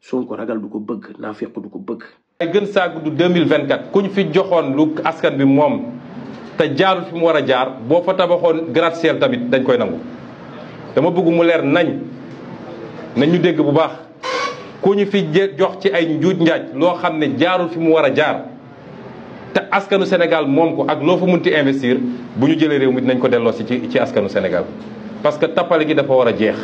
sonko ragal du ko bëgg naa fekk du ko bëgg ay gën saa du 2024 kuñ fi joxoon lu askan bi mom ta jaarul fi mu wara jaar bo fa tabaxoon gratte ciel tamit dañ koy nangu dama bëgg mu leer nañ nañu dégg bu baax kuñ fi jox ci ay njuj njaaj lo ne jaarul fi mu wara jaar ta askanu senegal mom ko ak loo fa munti investir buñu jëlé jëlee réew mi dinañ ko delo ci ci askanu senegal parce que tapal gi dafa wara jeex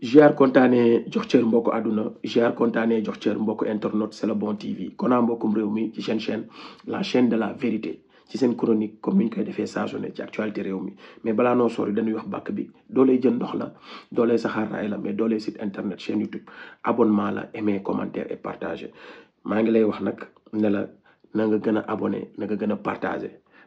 J'ai kontaanee jox cër mbokk aduna, j'ai kontaanee jox cër internet c'est le bon TV konaa mbokum de ci chaîne chaîne la chaîne de la vérité ci sen chronique comme ni koy défé sa ci actualité mais bala noo sori dañuy wax bak bi dolé jën ndox la dolé saxar ray la mais site internet chaîne YouTube abonnement la aimer commentaire et partager maa ngi lay wax nak ne la na nga na nga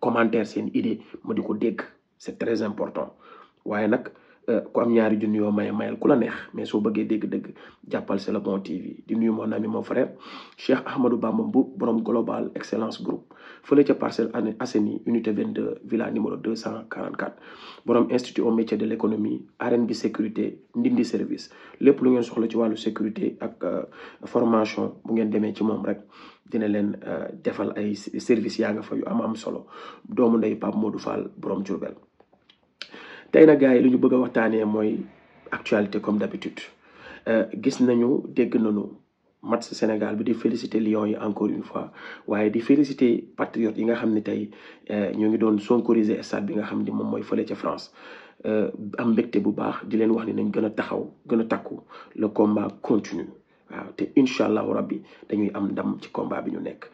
commentaire c'est une idée mo c'est très important waye euh, ko am ñaari junni yoo may mayal ku la neex mais soo bëggee dégg-dégg jàppal c'est le bon TV di nuyu mon ami mon frère Cheikh Ahmadou Bamba Mboup borom global excellence groupe fële ca Parcelles Assainies unité 22 villa numéro 244 borom institut au métier de l' économie RNB sécurité ndindi service lépp lu ngeen soxla ci wàllu sécurité ak euh, formation bu ngeen demee ci moom rek dina leen euh, defal ay service yaa nga fa yu am am solo doomu ndey Pape Modou Fall borom Diourbel tey nag gars yi lu ñu bëgg a waxtaanee mooy actualité comme d'habitude euh, gis nañu dégg nañu match Sénégal bi di félicité lion yi encore une fois waaye di félicité patriotes yi nga xam ni tey euh, ñu ngi doon sonkoriser stade bi nga xam ni moom mooy fële ca France euh, am mbégte bu baax di leen wax ni nañ gën a taxaw gën a takku le combat continue waaw te incha allahu rabbi dañuy am ndam ci combat bi ñu nekk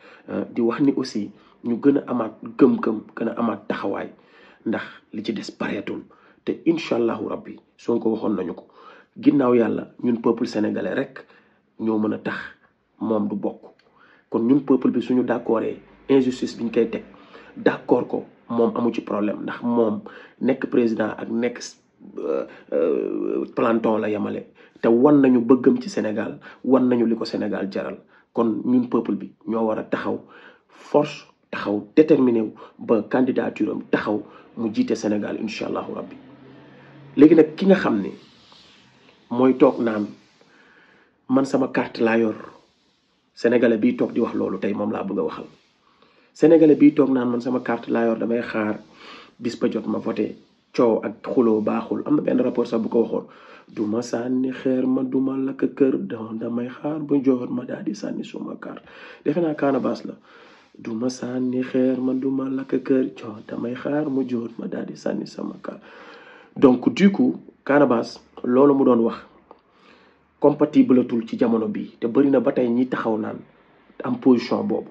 di wax ni aussi ñu gën a amaat gëm-gëm gën a amaat taxawaay ndax li ci des te incha allahu rabbi ko waxoon nañu ko ginnaaw yàlla ñun peuple sénégalais rek ñoo mën a tax moom du bokk kon ñun peuple bi suñu d'accordee injustice biñ koy teg d'accord ko moom amu ci problème ndax moom nekk président ak nekk euh, planton la yemale te wan nañu bëggam ci Sénégal war nañu li ko Sénégal jaral kon ñun peuple bi ñoo war a taxaw force taxaw déterminé wu ba candidature am taxaw mu jiite Sénégal incha allahu rabbi léegi nag ki nga xam ni mooy toog naan man sama carte laa yor sénégalais bii toog di wax loolu tey moom laa bëgg a waxal sénégalais bi toog naan man sama carte laa damay xaar bis ba jot ma voté coow ak xuloo baaxul am na benn rapport sax bu ko waxoon du ma sànni xeer ma du ma lakk kër damay xaar ba joxoon ma daal di sànni suma carte defe naa kaanabaas la du ma sànni xeer ma du ma lakk kër coow damay xaar mu joxoon ma daal di sànni sama carte donc du coup Canabasse loolu mu doon wax compatible tul ci jamono bii te bëri na ba tey ñi taxaw naan am position boobu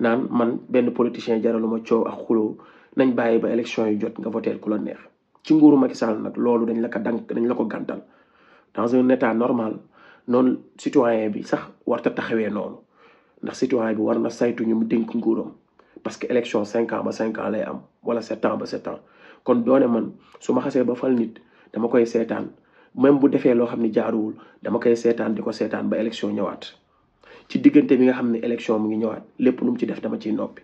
naan man benn politicien jaraluma coow ak xuloo nañ bàyyi ba élection yu jot nga voteel ku la neex ci nguuru Macky Sall nag loolu dañ la ko dànk dañ la ko gàntal dans un état normal noonu citoyen bi sax war warta taxawee noonu ndax citoyen bi war na saytu ñu mu dénk nguuroom parce que élection cinq ba cinq lay am wala sept ans ba sept ans kon doone man su ma xasee ba fal nit dama koy seetaan même bu defee loo xam ne jaaruwul dama koy seetaan di ko seetaan ba élection ñëwaat ci diggante bi nga xam ne élection mu ngi ñëwaat lépp lu mu ci def dama ciy noppi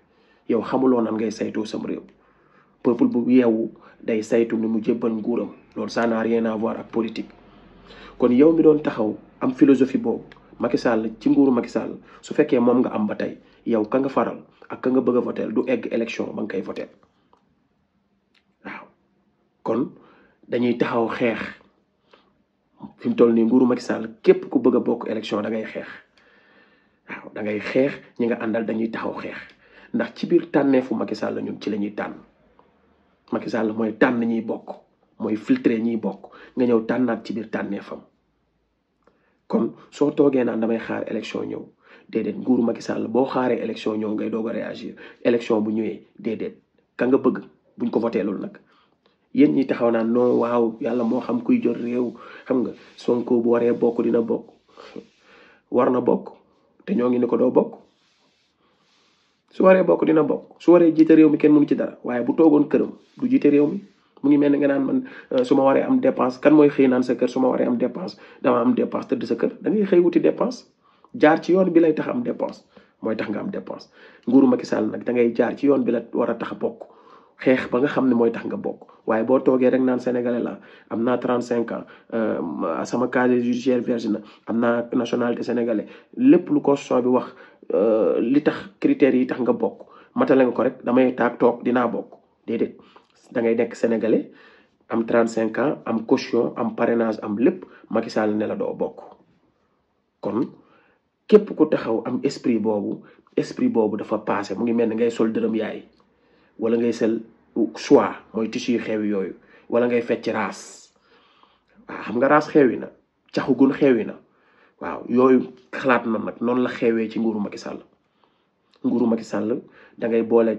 yow xamuloo nan ngay saytoo sama réew pëppul bu yeewu day saytu ni mu jébban nguuram loolu ça n'a rien à ak politique kon yow mi doon taxaw am philosophie boobu Macky Sall ci nguur Macky Sall su fekkee moom nga am ba tey yow ka nga faral ak ka nga bëgg a voter du egg élection ba nga koy voter kon dañuy taxaw xeex fi mu toll nii nguuru Macky Sall képp ku bëgg a bokk élection da ngay xeex waaw dangay xeex ñi nga àndal dañuy taxaw xeex ndax ci biir fu Macky Sall ñun ci lañuy tànn Macky Sall mooy tànn ñiy bokk mooy filtre ñiy bokk nga ñëw tànnaat ci biir tànnee tànneefam kon soo toogee naan damay xaar élection ñëw déedéet nguuru Macky Sall boo xaaree élection ñëw ngay doog a réagir élection bu ñëwee déedéet kan nga bëgg buñ ko voteelul nag Yen ñi taxaw naan non waaw yàlla moo xam kuy jot réew xam nga sonko bu waree bokk dina bokk war na bokk te ñoo ngi ne ko doo bokk su waree bokk dina bokk su waree jiite réew mi kenn mënu ci dara waaye bu toogoon këram du jiite réew mi mu ngi mel ni nga naan man euh, su waree am dépense kan mooy xëy naan sa kër su ma waree am dépense dama am dépense tëdd sa kër da ngay xëy wuti dépense jaar ci yoon bi lay tax am dépense mooy tax nga am dépense nguuru Macky nag da ngay jaar ci yoon bi la war a tax bokk xeex ba nga xam ne mooy tax nga bokk waaye boo toogee rek naan sénégalais am naa trente cinq ans euh, sama casier judiciaire vierge na am naa nationalité sénégalais lépp lu constitution bi wax euh, li tax critères yi tax nga bokk matale nga ko rek damay taag toog dinaa bokk déedéet da ngay nekk sénégalais am trente cinq ans am caution am parrainage am lépp Macky Sall ne la doo bokk kon képp ku taxaw am esprit boobu esprit boobu dafa passé mu ngi mel ni ngay sol dërëm yaay wala ngay sel choix mooy tissu yu xeewi yooyu wala ngay fecc raas waaw xam nga raas xeewi na caxu gun xeewi na waaw yooyu xalaat na nag noonu la xeewee ci nguuru Macky Sall nguuru Macky Sall da ngay boole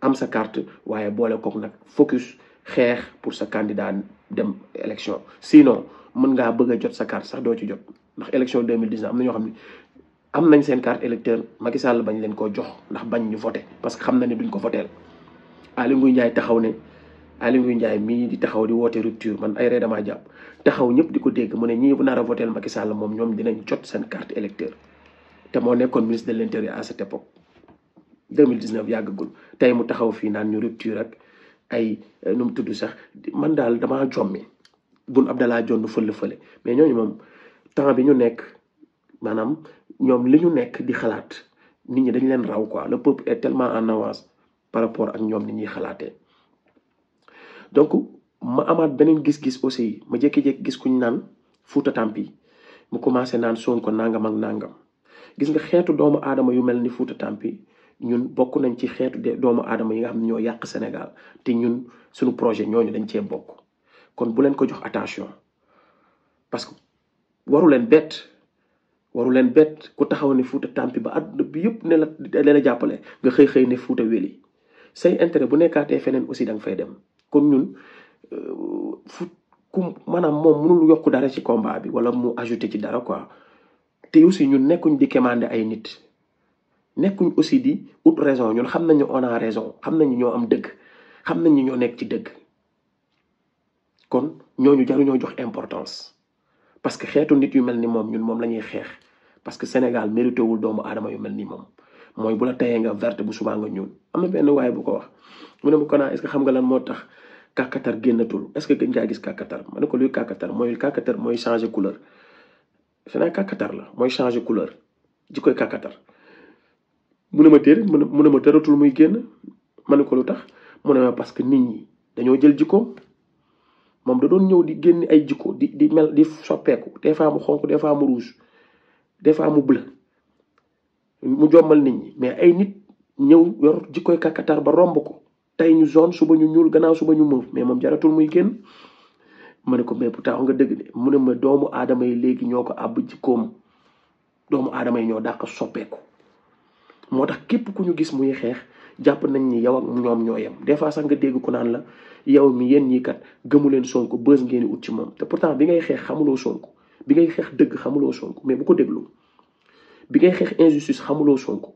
am sa carte waaye boole kook nag focus xeex pour sa candidat dem élection sinon mën ngaa bëgg jot sa carte sax doo ci jot ndax élection 2019 am na ñoo xam ne am nañ seen carte électeur Macky Sall bañ leen koo jox ndax bañ ñu voté parce que xam na ne duñ ko voteel Aly Ngouille Ndiaye taxaw ne Aly Ngouille Ndiaye mii di taxaw di woote rupture man ay ree damaa jàpp taxaw ñëpp di ko dégg mu ne ñii bu nar a moom ñoom dinañ jot seen carte électeur te moo nekkoon ministre de l' intérieur à cette époque 2019 yàggagul tey mu taxaw fii naan ñu rupture rek ay nu mu tudd sax man daal damaa jommi bun Abdallah jonn fële fële mais ñooñu moom temps bi ñu nekk maanaam ñoom li ñu nekk di xalaat nit ñi dañ leen raw quoi le peuple est tellement en avance. par rapport ak ñoom ni ñuy xalaatee donc ma amaat beneen gis-gis aussi ma jékki-jékki gis kuñ naan Fouta Tampi mu commencé naan Sonko nangam ak nangam gis nga xeetu doomu aadama yu mel ni Fouta Tampi ñun bokk nañ ci xeetu doomu aadama yi nga xam ne ñoo yàq Sénégal te ñun suñu projet ñooñu dañ cee bokk kon bu leen ko jox attention parce que waru leen bett waru leen bett ku taxaw ne Fouta Tampi ba àdduna bi yëpp ne la ne la jàppale nga xëy xëy ne Fouta Weli. say intérêt bu nekkaatee feneen aussi da fay dem kon ñun euh, fut ku maanaam moom mënul yokku dara ci combat bi wala mu ajouté ci dara quoi te aussi ñun nekkuñ di commandé ay nit nekkuñ aussi di ut raison ñun xam nañu on a raison xam nañu ñoo am dëgg xam ñu ñoo nekk ci dëgg kon ñoo ñu jaruñoo jox importance parce que xeetu nit yu mel ni moom ñun moom la ñuy xeex parce que Sénégal mérité wul doomu adama yu mel ni moom mooy bu la tayee nga verte bu subaa nga ñuul am na benn waaye bu ko wax mu ne ma Kona est-ce que xam nga lan moo tax kàkkatar génnatul est-ce que gën ngaa gis kàkkatar ma ne ko luy kàkkatar mooy kàkkatar mooy changer couleur feneen kàkkatar la mooy changer couleur ji koy kàkkatar mu ne ma téere mu ne ma tëratul muy génn ma ne ko lu tax mu ne ma parce que nit ñi dañoo jël jikkoom moom da doon ñëw di génn ay jikko di di mel di soppeeku des fois mu xonk des fois mu rouge des fois mu bleu mu jommal nit ñi mais ay nit ñëw yor jikkoy ba romb ko tey ñu zone suba ñu ñuul gannaaw suba ñu moof mais moom jaratul muy génn ma ne ko mais pourtant nga dëgg mu ne doomu aadama yi léegi ñoo ko àbb jikkoom doomu aadama yi ñoo dàq soppeeku moo tax képp ku ñu gis muy xeex jàpp nañ ñi yow ak ñoom ñoo yem des fois sax nga dégg ku naan la yow mi yéen ñii kat gëmu leen Sonko bës ngeen ut ci moom te pourtant bi ngay xeex xamuloo Sonko bi ngay xeex dëgg xamuloo Sonko mais bu ko déglu bi ngay xeex injustice xamuloo Sonko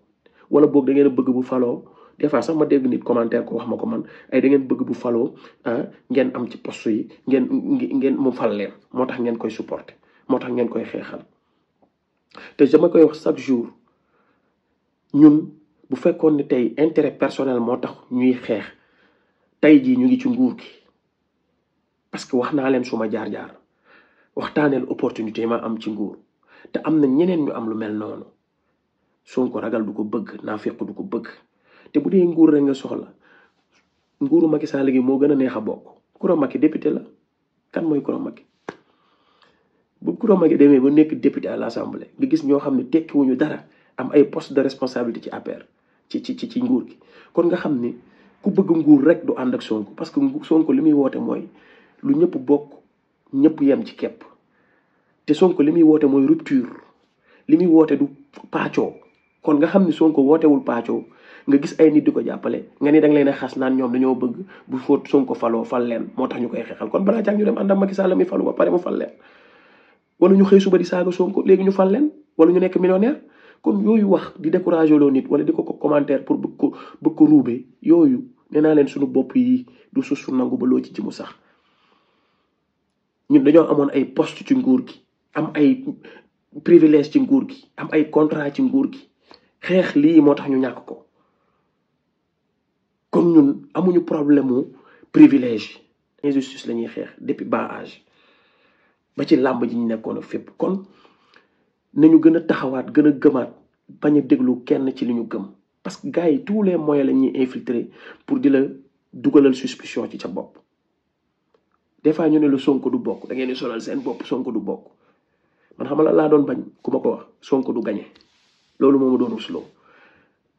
wala boog da bëgg bu faloo des fois sax ma dégg nit commentaire ko wax ma ko man ay da ngeen bëgg bu faloo ah, ngeen am ci poste yi ngeen ngeen mu fal leen moo tax ngeen koy supporter moo tax ngeen koy xeexal te dama koy wax chaque jour ñun bu fekkoon ni tey intérêt personnel moo tax ñuy xeex tey jii ñu ngi ci nguur gi parce que wax naa leen suma jaar-jaar waxtaaneel opportunité ma am ci nguur te am na ñeneen ñu am lu mel noonu Sonko ragal du ko bëgg naa naafeq du ko bëgg te bu dee nguur rek nga soxla nguuru Macky Sall gi moo gën a neex a bokk Koura Macky député la kan mooy Koura Macky bu Koura Macky demee ba nekk député à l'Assemblée nga gis ñoo xam ne tekkiwuñu dara am ay poste de responsabilité ci APR ci ci ci nguur gi kon nga xam ni ku bëgg nguur rek du ànd ak Sonko parce que Sonko li muy woote mooy lu ñëpp bokk ñëpp yem ci kepp te sonko limi wote moy rupture limi wote du pacho kon nga xamni sonko wote wul pacho nga gis ay nit diko ko nga ni dang leena xass a xas naan dañoo bëgg bu fóot sonko falo fal leen motax tax xexal kon bala jang ñu dem andam ak Macky Sall mi falu ba pare mu fal leen wala ñu xey suba di saaga sonko legi ñu fal leen wala ñu nekk millionnaire kon yoyu wax di décourager lo nit wala diko ko commentaire pour bëgg ko bëgg ko roubé yoyu neena naa leen suñu bop yi du susu nangu ba lo ci ci mu sax ñun dañoo amone ay poste ci nguur gi am ay privilège ci nguur gi am ay contrat ci nguur gi xeex lii moo tax ñu ñàkk ko kon ñun amuñu problème mu privilège injustice la ñuy xeex depuis bas âge ba ci làmb ji ñu nekkoon a fépp kon nañu gën a taxawaat gën a gëmaat bañ a déglu kenn ci li ñu gëm parce que gars yi tous les moyens la ñuy infiltrer pour di la dugalal suspicion ci sa bopp des fois ñu ne lu Sonko du bokk da ngeen di seen bopp sonk du bokk man xam la laa doon bañ ku ma ko wax Sonko du gañe loolu moo ma doon rusloo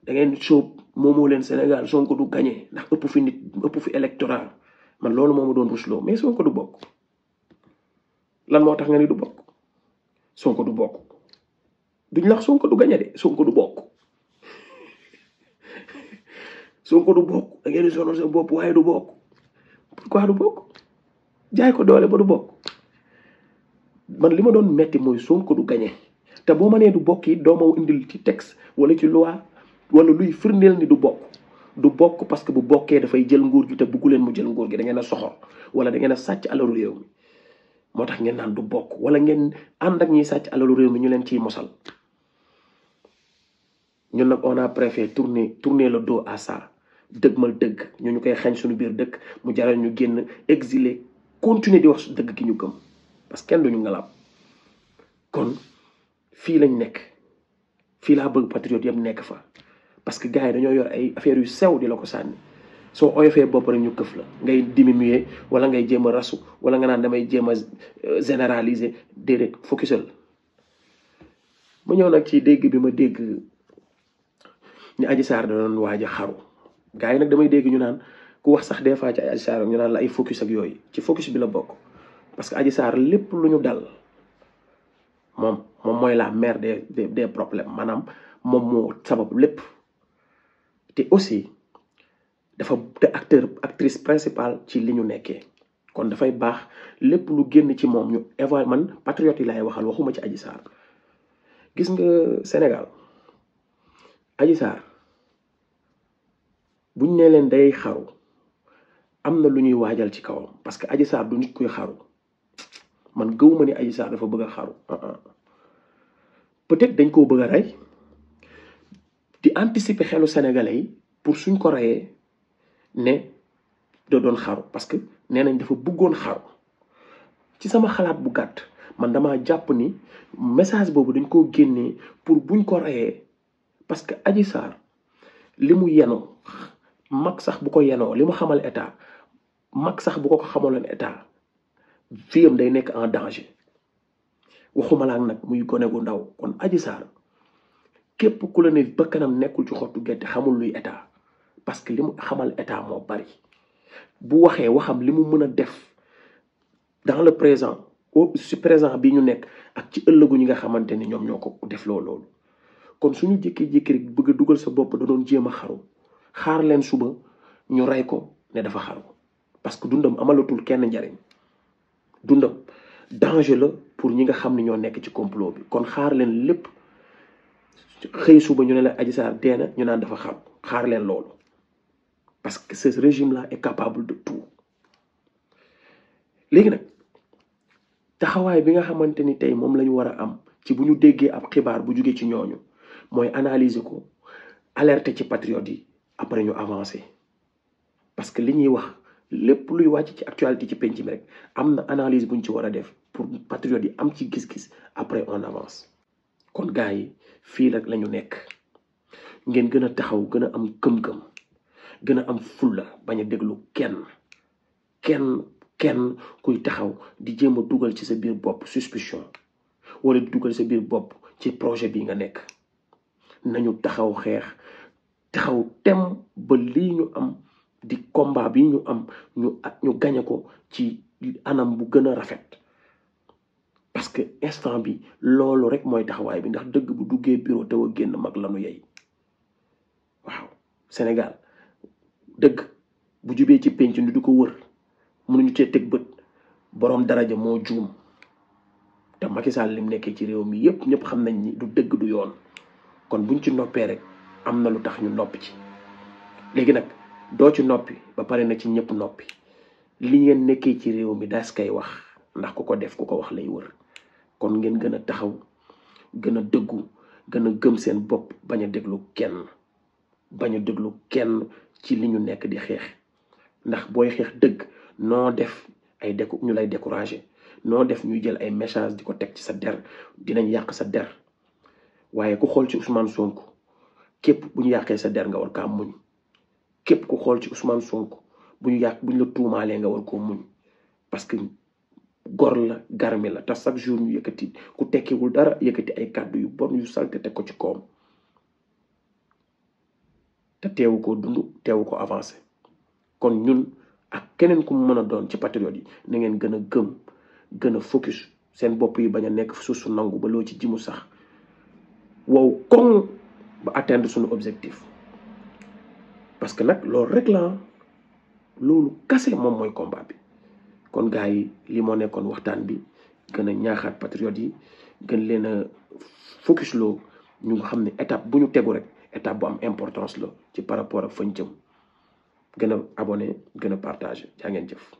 da ngeen sóob moomoo leen Sénégal Sonko du gañe ndax ëpp fi nit ëpp fi électoral man loolu moom ma doon rusloo mais Sonko du bokk lan moo tax nga ni du bokk Sonko du bokk duñ lax Sonko du gañe de du bokk Sonko du bokk da ngeen di sa bopp waaye du bokk pourquoi du bokk jaay ko doole ba du bokk. man li ma doon metti mooy Sonko du gagné te boo ma nee du bokk yi doo indil ci texte wala ci loi wala luy firndeel ni du bokk du bokk parce que bu bokkee dafay jël nguur gi te buggu leen mu jël nguur gi dangeen ngeen a soxor wala da ngeen a sàcc alalu réew mi moo tax ngeen naan du bokk wala ngeen ànd ak ñiy sàcc alalu réew mi ñu leen ciy mosal ñun nag on a préféré tourner tourner la dos à ça dëgg mal dëgg ñu ñu koy xañ suñu biir dëkk mu jaral ñu génn exilé continuer di wax dëgg ki ñu gëm parce que kenn duñu ngalaab kon fii lañ nekk fii laa bëgg patriote yëpp nekk fa parce que gars yi dañoo yor ay affaire yu sew di la ko sànni soo oyofee bopp rek ñu këf la ngay diminuer wala ngay jéem a rasu wala nga naan damay jéem a euh, généraliser déedéet focusal ma ñëw nag ci dégg bi ma dégg ni Adji Sarr da doon waaj a xaru gars yi nag damay dégg ñu naan ku wax sax des fois ci ay Adji Sarr ñu naan la ay focus ak yooyu ci focus bi la bokk parce que Adji Sarr lépp lu ñu dal moom moom mooy la mère de des problèmes maanaam moom moo sabab lépp te aussi dafa te acteur actrice principale ci li ñu nekkee kon dafay baax lépp lu génn ci moom ñu évaluer man patriote yi laay waxal waxuma ci Adji Sarr gis nga Sénégal Adji Sarr buñ ne leen day xaru am na lu ñuy waajal ci kawam parce que Adji Sarr du nit kuy xaru man gëwuma ni Adji Sarr dafa bëgg xaru uh-uh. peut-être dañ ko bëgg ray di anticiper xelu sénégalais yi pour suñ ko rayé ne do doon xaru parce que né nañ dafa bëggoon xaru ci sama xalaat bu gàtt man dama jàpp ni message boobu dañ koo génnee pour buñ ko reyee parce que aji Sarr li mu yenoo mag sax bu ko yenoo li mu xamal état mag sax bu ko ko état fii day nekk en danger waxuma la nag muy gone gu ndaw kon aji Sarr képp ku la ne bakkanam nekkul ci xottu gerte xamul luy état parce que li mu xamal état moo bari bu waxee waxam li mu mën a def dans le présent au si présent bi ñu nekk ak ci ëllëgu ñi nga xamante ni ñoom ñoo ko def loo loolu kon suñu jékki-jékki rek bëgg a dugal sa bopp da doon jéem a xaru xaar leen suba ñu rey ko ne dafa xaru parce que dundam amalatul kenn njariñ dundam danger la pour ñi nga xam ne ñoo nekk ci complot bi kon xaar leen lépp xëy suuba ñu ne la Adji Sarr dee na ñu naan dafa xam xaar leen loolu parce que ce régime là est capable de tout léegi nag taxawaay bi nga xamante ni tey moom la ñu war a am ci bu ñu déggee ab xibaar bu jugee ci ñooñu mooy analyser ko alerte ci patriotes yi après ñu avancer parce que li ñuy wax lépp luy wàcc ci actualité ci penc mi rek am analyse buñ ci war a pour patriote yi am ci gis-gis après on avance kon gars yi fii la ñu nekk ngeen gën taxaw am gëm-gëm gën am fulla bañ a déglu kenn kenn kenn kuy taxaw di jéem a dugal ci sa biir bopp suspicion wala di dugal sa biir bopp ci projet bi nga nekk nañu taxaw tem ba am di combat bi ñu am ñu ñu gañe ko ci anam bu gën a rafet parce que instant bi loolu rek mooy taxawaay bi ndax dëgg bu duggee bureau te wa génn mag lanu yey waaw Sénégal dëgg bu jubee ci penc ni du ko wër mënuñu cee teg bët boroom daraja moo juum te Macky Sall lim nekkee ci réew mi yëpp ñëpp xam nañ ni du dëgg du yoon kon buñ ci noppee rek am na lu tax ñu nopp ci léegi nag doo ci noppi ba pare na ci ñëpp noppi li ngeen nekkee ci réew mi daas kay wax ndax ku ko def ku ko wax lay wër kon ngeen gën a taxaw gën a dëggu gën a gëm seen bopp bañ a déglu kenn bañ déglu kenn ci li ñu nekk di xeex ndax booy xeex dëgg noo def ay déco lay découragé noo def ñu jël ay message di ko teg ci sa der dinañ yàq sa der waaye ku xool ci Ousmane Sonko képp bu ñu yàqee sa der nga war kaa muñ képp ku xool ci Ousmane Sonko bu ñu yàq bu ñu la tuumaalee nga war koo muñ parce que gor la garmi la te chaque jour ñu yëkkati ku tekkiwul dara yëkkati ay kàddu yu bon yu salte te ko ci koom te teewu ko dund teewu ko avancé kon ñun ak keneen ku mu mën a doon ci patriote yi na ngeen gën a gëm gën a focus seen bopp yi bañ a nekk suuf su nangu ba loo ci jimu sax wow koŋ ba atteindre suñu objectif parce que nak lool rek la loolu kase mom moy combat bi kon gaay li mo nekkoon waxtan bi gëna ñaaxat patriote yi gën leena focus lo ñu xamné étape bu ñu tegu rek étape bu am importance lo ci par rapport ak fañ jëm gën a abonné gën a partagé jaa ngeen jëf